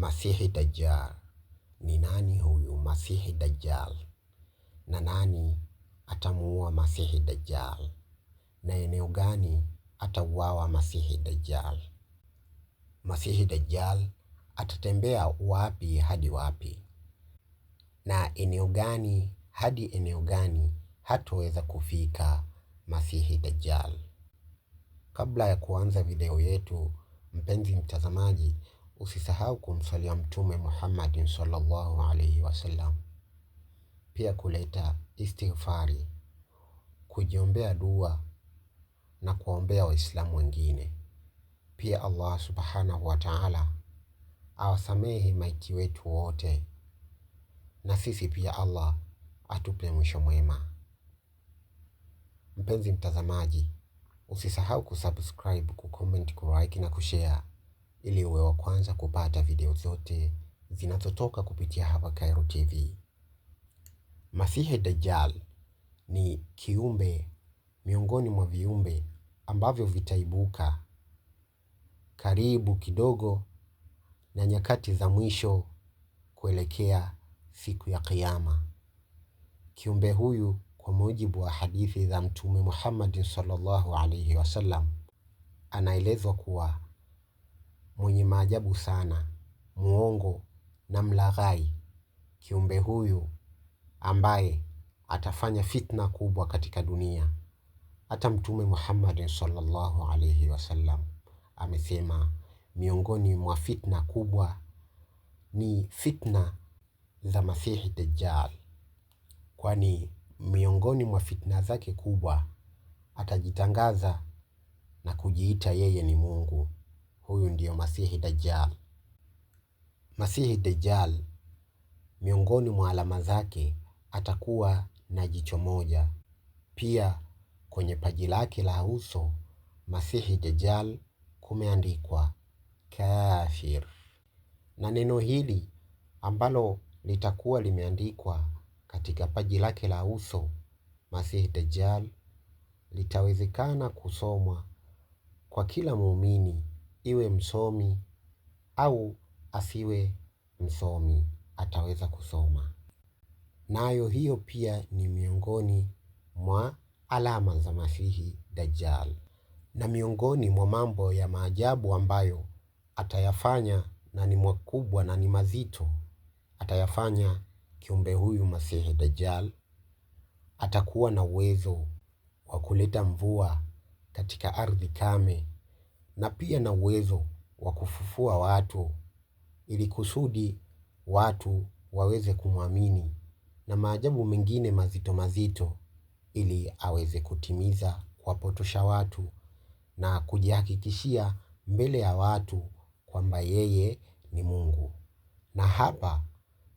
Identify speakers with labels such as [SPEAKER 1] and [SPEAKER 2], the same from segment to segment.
[SPEAKER 1] Masihi Dajjal. Ni nani huyu Masihi Dajjal? Na nani atamuua Masihi Dajjal? Na eneo gani atauawa Masihi Dajjal? Masihi Dajjal atatembea wapi hadi wapi? Na eneo gani hadi eneo gani hatoweza kufika Masihi Dajjal? Kabla ya kuanza video yetu, mpenzi mtazamaji, Usisahau kumswalia Mtume Muhammad sallallahu alaihi wasallam, pia kuleta istighfari, kujiombea dua na kuwaombea Waislamu wengine. Pia Allah subhanahu wa taala awasamehe maiti wetu wote, na sisi pia Allah atupe mwisho mwema. Mpenzi mtazamaji, usisahau kusubscribe, kucomment, kulike na kushare ili uwe wa kwanza kupata video zote zinazotoka kupitia hapa Khairo TV. Masihi Dajjal ni kiumbe miongoni mwa viumbe ambavyo vitaibuka karibu kidogo na nyakati za mwisho kuelekea siku ya Kiyama. Kiumbe huyu kwa mujibu wa hadithi za Mtume Muhammad sallallahu alaihi wasallam, anaelezwa kuwa mwenye maajabu sana, muongo na mlaghai, kiumbe huyu ambaye atafanya fitna kubwa katika dunia. Hata Mtume Muhammad sallallahu alaihi wasallam amesema miongoni mwa fitna kubwa ni fitna za Masihi Dajjal, kwani miongoni mwa fitna zake kubwa atajitangaza na kujiita yeye ni Mungu huyu ndiyo Masihi Dajjal. Masihi Dajjal miongoni mwa alama zake atakuwa na jicho moja. Pia kwenye paji lake la uso Masihi Dajjal kumeandikwa kafir, na neno hili ambalo litakuwa limeandikwa katika paji lake la uso Masihi Dajjal litawezekana kusomwa kwa kila muumini iwe msomi au asiwe msomi ataweza kusoma. Nayo hiyo pia ni miongoni mwa alama za Masihi Dajjal na miongoni mwa mambo ya maajabu ambayo atayafanya na ni makubwa na ni mazito atayafanya kiumbe huyu Masihi Dajjal. Atakuwa na uwezo wa kuleta mvua katika ardhi kame na pia na uwezo wa kufufua watu ili kusudi watu waweze kumwamini na maajabu mengine mazito mazito ili aweze kutimiza kuwapotosha watu na kujihakikishia mbele ya watu kwamba yeye ni Mungu. Na hapa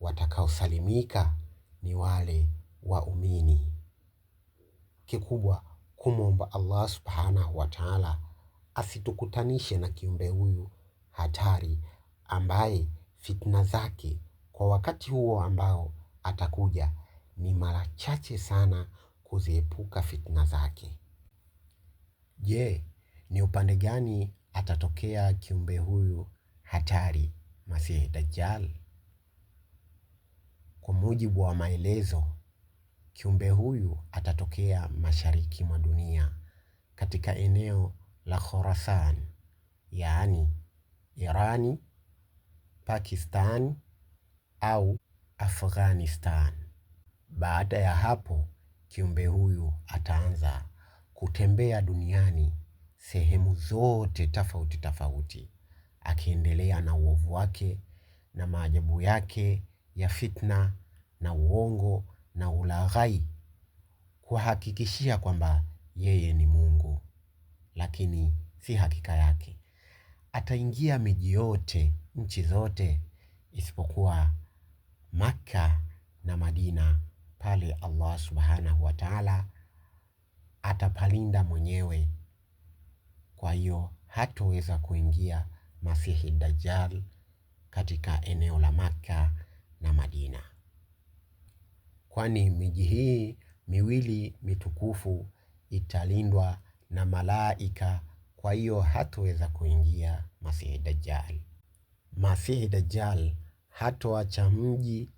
[SPEAKER 1] watakaosalimika ni wale waumini. Kikubwa kumwomba Allah subhanahu wa taala asitukutanishe na kiumbe huyu hatari ambaye fitna zake kwa wakati huo ambao atakuja ni mara chache sana kuziepuka fitna zake. Je, ni upande gani atatokea kiumbe huyu hatari Masihi Dajjal? Kwa mujibu wa maelezo, kiumbe huyu atatokea mashariki mwa dunia katika eneo la Khorasan yaani Irani, Pakistan au Afghanistan. Baada ya hapo kiumbe huyu ataanza kutembea duniani sehemu zote tofauti tofauti, akiendelea na uovu wake na maajabu yake ya fitna na uongo na ulaghai, kuhakikishia kwamba yeye ni mu lakini si hakika yake. Ataingia miji yote, nchi zote isipokuwa Makka na Madina. Pale Allah subhanahu wa taala atapalinda mwenyewe. Kwa hiyo hatoweza kuingia Masihi Dajjal katika eneo la Makka na Madina, kwani miji hii miwili mitukufu italindwa na malaika, kwa hiyo hatuweza kuingia Masihi Dajjal. Masihi Dajjal hatoacha mji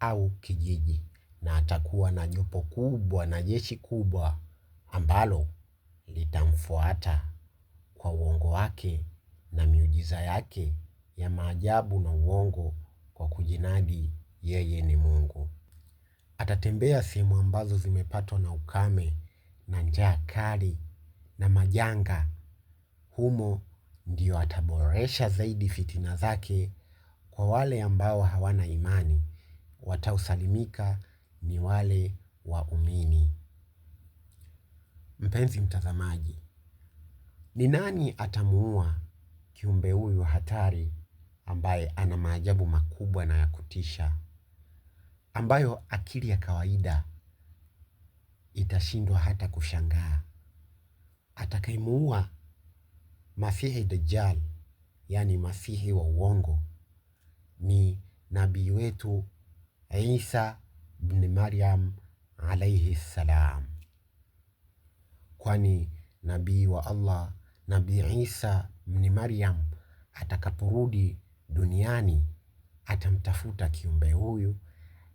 [SPEAKER 1] au kijiji, na atakuwa na jopo kubwa na jeshi kubwa ambalo litamfuata kwa uongo wake na miujiza yake ya maajabu na uongo kwa kujinadi yeye ni Mungu. Atatembea sehemu ambazo zimepatwa na ukame na njaa kali na majanga humo ndio ataboresha zaidi fitina zake kwa wale ambao hawana imani watausalimika ni wale waumini. Mpenzi mtazamaji, ni nani atamuua kiumbe huyu hatari ambaye ana maajabu makubwa na ya kutisha ambayo akili ya kawaida itashindwa hata kushangaa? atakayemuua Masihi Dajjal, yaani masihi wa uongo ni nabii wetu Isa bni Maryam alaihi salam kwani nabii wa Allah nabii Isa bni Maryam atakaporudi duniani atamtafuta kiumbe huyu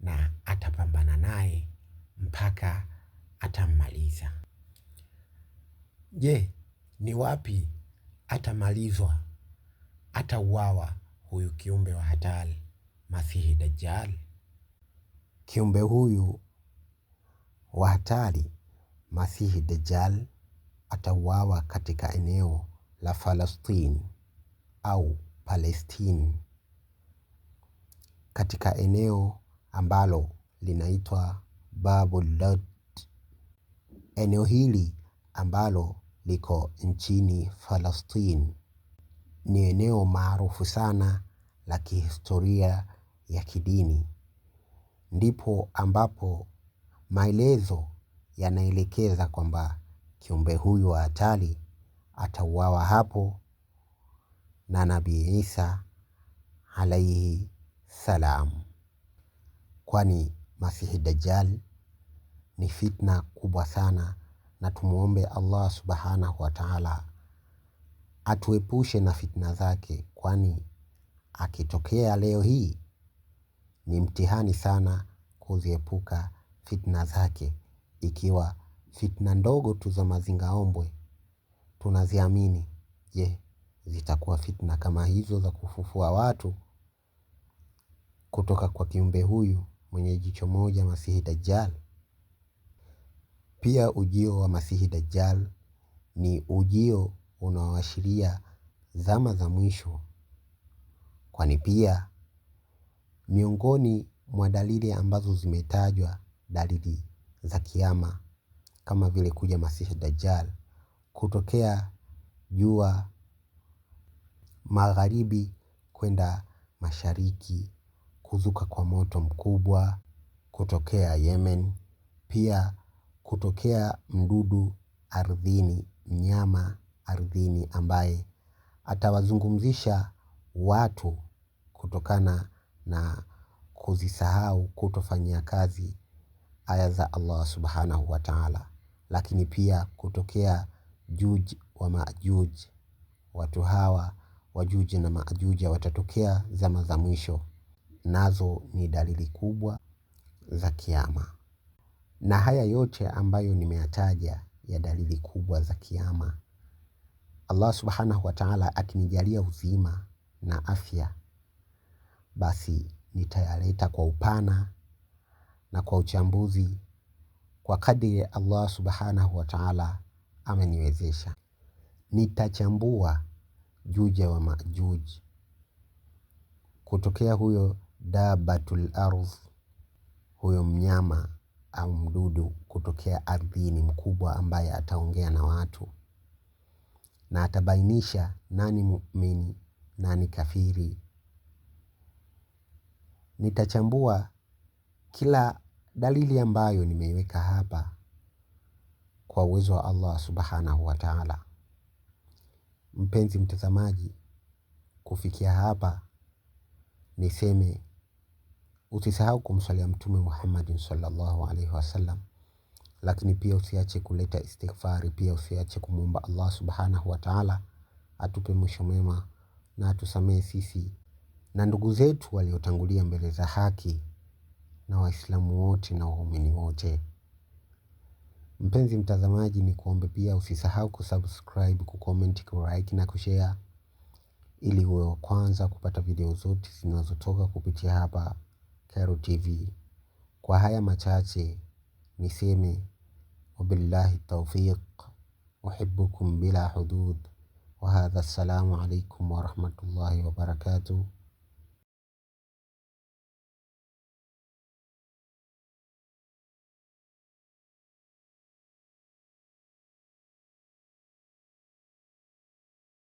[SPEAKER 1] na atapambana naye mpaka atammaliza. Je, ni wapi atamalizwa, atauawa huyu kiumbe wa hatari Masihi Dajjal? Kiumbe huyu wa hatari Masihi Dajjal atauawa katika eneo la Falastini au Palestini, katika eneo ambalo linaitwa Babul Lod. Eneo hili ambalo liko nchini Falastin. Ni eneo maarufu sana la kihistoria ya kidini. Ndipo ambapo maelezo yanaelekeza kwamba kiumbe huyu wa hatari atauawa hapo na Nabii Isa alaihi salam, kwani Masihi Dajjal ni fitna kubwa sana na tumwombe Allah subhanahu wa ta'ala atuepushe na fitna zake, kwani akitokea leo hii ni mtihani sana kuziepuka fitna zake, ikiwa fitna ndogo tu za mazingaombwe tunaziamini. Je, zitakuwa fitna kama hizo za kufufua watu kutoka kwa kiumbe huyu mwenye jicho moja Masihi Dajjal? Pia ujio wa masihi dajjal ni ujio unaoashiria zama za mwisho kwani pia miongoni mwa dalili ambazo zimetajwa dalili za kiama kama vile kuja masihi dajjal kutokea jua magharibi kwenda mashariki kuzuka kwa moto mkubwa kutokea Yemen pia kutokea mdudu ardhini, mnyama ardhini ambaye atawazungumzisha watu kutokana na kuzisahau kutofanyia kazi aya za Allah subhanahu wa ta'ala. Lakini pia kutokea Juj wa Majuj, watu hawa Wajuj na Majuj watatokea zama za mwisho, nazo ni dalili kubwa za kiama. Na haya yote ambayo nimeyataja ya dalili kubwa za kiama. Allah subhanahu wa ta'ala akinijalia uzima na afya, basi nitayaleta kwa upana na kwa uchambuzi kwa kadiri Allah subhanahu wa ta'ala ameniwezesha. Nitachambua Juja wa Majuj kutokea huyo dabatul ardh, huyo mnyama au mdudu kutokea ardhini mkubwa ambaye ataongea na watu. Na atabainisha nani muumini, nani kafiri. Nitachambua kila dalili ambayo nimeiweka hapa kwa uwezo wa Allah subhanahu wa ta'ala. Mpenzi mtazamaji kufikia hapa niseme Usisahau kumswalia mtume Muhammadin sallallahu alaihi wasallam. Lakini pia usiache kuleta istighfari, pia usiache kumwomba Allah subhanahu wa taala atupe mwisho mwema na atusamehe sisi na ndugu zetu waliotangulia mbele za haki na Waislamu wote na waumini wote. Mpenzi mtazamaji, ni kuombe pia usisahau kusubscribe, kucomment, kulike na kushare ili uwe wa kwanza kupata video zote zinazotoka kupitia hapa Caro TV. Kwa haya machache niseme wabillahi taufiq uhibbukum bila hudud wa hadha assalamu alaikum wa rahmatullahi wa barakatuh.